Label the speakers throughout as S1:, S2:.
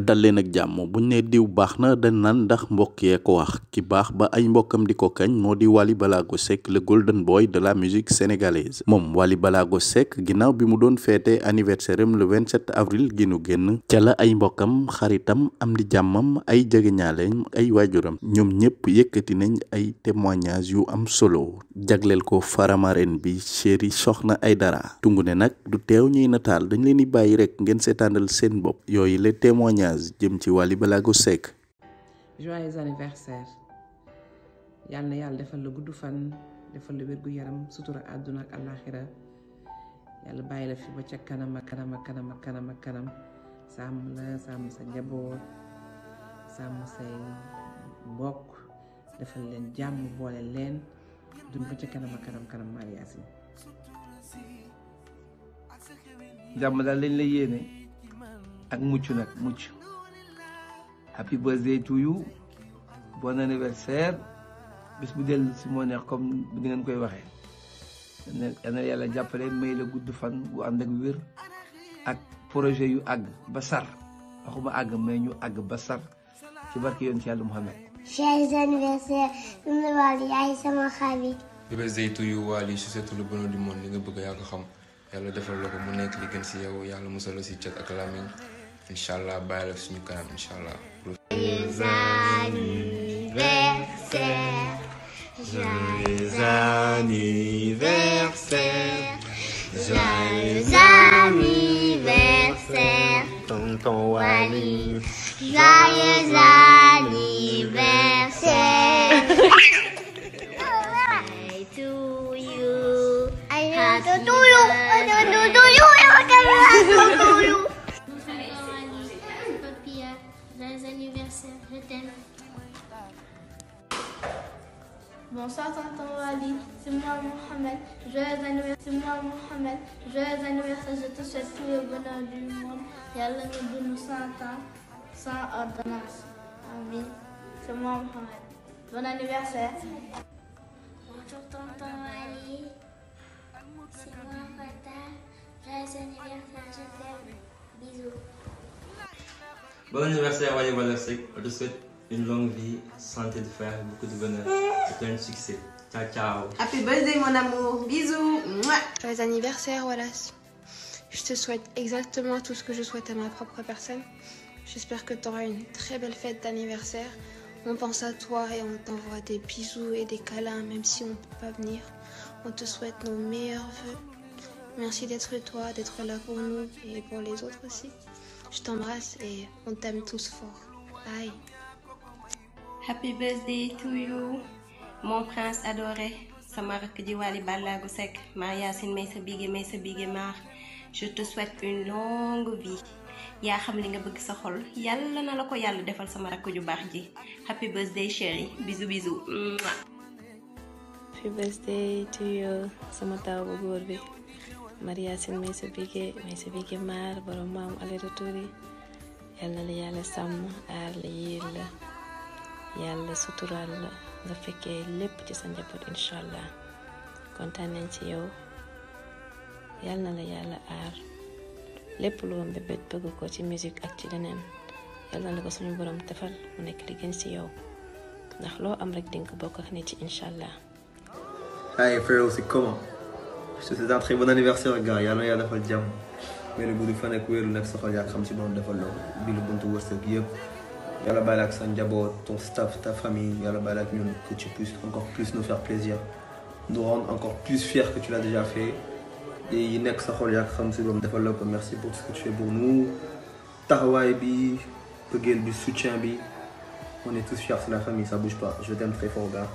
S1: dal leen ak jàmm buñ ne diw baax na dañ naan ndax mbokk yee ko wax ki baax ba ay mbokkam di ko kañ moo di wali Balago Seck le golden boy de la musique sénégalaise moom Wally Balago Seck ginnaaw bi mu doon feete anniversaire am le 27 avril gi nu génn ca la ay mbokkam xaritam am di jàmmam ay jegeñaaleem ay waajuram ñoom ñëpp yëkkati nañ ay témoignages yu am solo jagleel ko faramaren bi chéri soxna ay dara tungu ne nag du teew ñuy nataal dañ leen di bàyyi rek ngeen seetaanal seen bopp yooyu les témoignages jëm ci Wally Ballago Seck yàlla na yàlla gudd fan defal la wérgu yaram àdduna ak àllaaxira yàlla bàyyi la fi ba defal leen jàmm boole leen jëm ba ca kanam ak kanam kanam Marie Yacine jàmm daal lañ la yéene ak mucc nag mucc happy birthday to you bon anniversaire bis bu dell si moo neex comme ni ngeen koy waxee dana yàlla jàppale may la gudd fan bu ànd ak wér ak projet yu àgg ba sar waxuma àgg mais ñu àgg ba sar barke yoon ci yàlla Muhammad Joyeux anniversaire sunu Wally yaay sama xarit. bébé yu Wally su seetu lu bëgg yaa ko xam la ko mu nekk li si yow yàlla musal la si cat ak làmmiñ incha bàyyi la suñu kanam incha allah. Joyeux anniversaire. Joyeux anniversaire I to you I to you I to you I to you Joyeux anniversaire, je t'aime. Bonsoir tonton Ali, c'est moi Mohamed. Joyeux anniversaire, c'est moi Mohamed. Joyeux anniversaire, je te souhaite tout le bonheur du monde. Yàlla nga dund cent ans. Sainte ordonnance. Amen. C'est moi, Mohamed. Bon anniversaire. Bonjour, tonton Ali. C'est moi, je souhaite une longue vie, santé de fer, beaucoup de bonheur et plein de succès. Ciao, ciao. Je souhaite exactement tout ce que je souhaite à ma propre personne. J'espère que tu une très belle fête d'anniversaire. On pense à toi et on t'envoie des bisous et des câlins, même si on ne peut pas venir. On te souhaite nos meilleurs voeux. Merci d'être toi, d'être là pour nous et pour les autres aussi. Je t'embrasse et on t'aime tous fort. Bye. Happy birthday to you, mon prince adoré. sama rakk ji Wally Ballago Seck maa Yacine may sa bigé may sa bigé maar je te souhaite une longue vie yaa xam li nga bëgg sa xol yàlla na la ko yàlla defal sama rakk ju baax ji happy birthday chérie bisou bisou happy birthday to you sama taw bu góor bi Maria Sine may sa bigé may sa bigé maar borom maam ale retour yi yàlla la yàlla sàmm aar la yiir la yàlla suturaal la nga fekkee lépp ci sa njaboot incha allah kontaan nañ ci yow yàlla na la yàlla aar lépp lu am bëgg ko ci musique ak ci leneen yàlla na la ko suñu borom defal mu nekk li gën yow ndax loo am rek dinga ko bokk ak nit yi incha allah. ay frère aussi comment je te souhaite un très bon anniversaire gars yàlla na yàlla defal jàmm mais nag guddi fan ak wéeru nag soxal xam si moom defal loolu bi lu buntu wërsëg yëpp yàlla bàyyi la ak sa njaboot ton staff ta famille yàlla bàyyi la ak ñun que tu encore plaisir nous rendre encore plus fiers que tu l'as déjà fait. yi nekk sa xol yaa xam si loolu defal la ko merci pou ce que tu fais pour nous taxawaay bi bëggeel bi soutien bi on est tous fiers c'est la famille ça bouge pas je t'aime très fort gars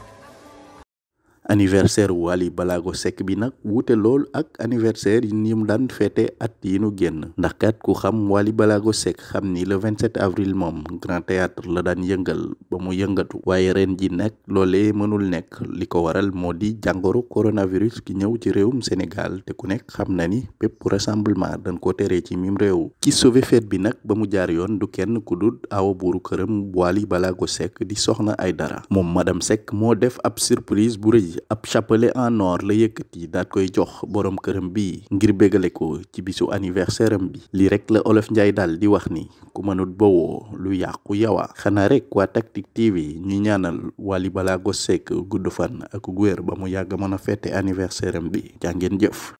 S1: anniversaire Wally Balago Seck bi nag wuute lool ak anniversaire yi mu daan feete at yi génn ndax kat ku xam Wally Balago Seck xam ni le 27 avril moom Grand Théâtre la daan yëngal ba mu yëngatu waaye reen ji nag loole mënul nekk li ko waral moo di jàngoro coronavirus ki ñëw ci réewum Sénégal te ku nekk xam na ni bépp rassemblement dañ ko tere ci mim réew ki sauvé fête bi nag ba mu jaar yoon du kenn ku dul awa buuru këram Wally Balago Seck di soxna ay dara moom madame Seck moo def ab surprise bu rëy ab chapelet en or la yëkkati daat koy jox boroom këram bi ngir bégale ko ci bisu anniversaire bi li rek la olof njaay daal di wax ni ku mënut bowoo lu yàqu yawa xanaa rek waa Tactic TV ñu ñaanal Wally Ballago Seck gudd fan ak wér ba mu yàgg mën a fête anniversaire bi jàngeen jëf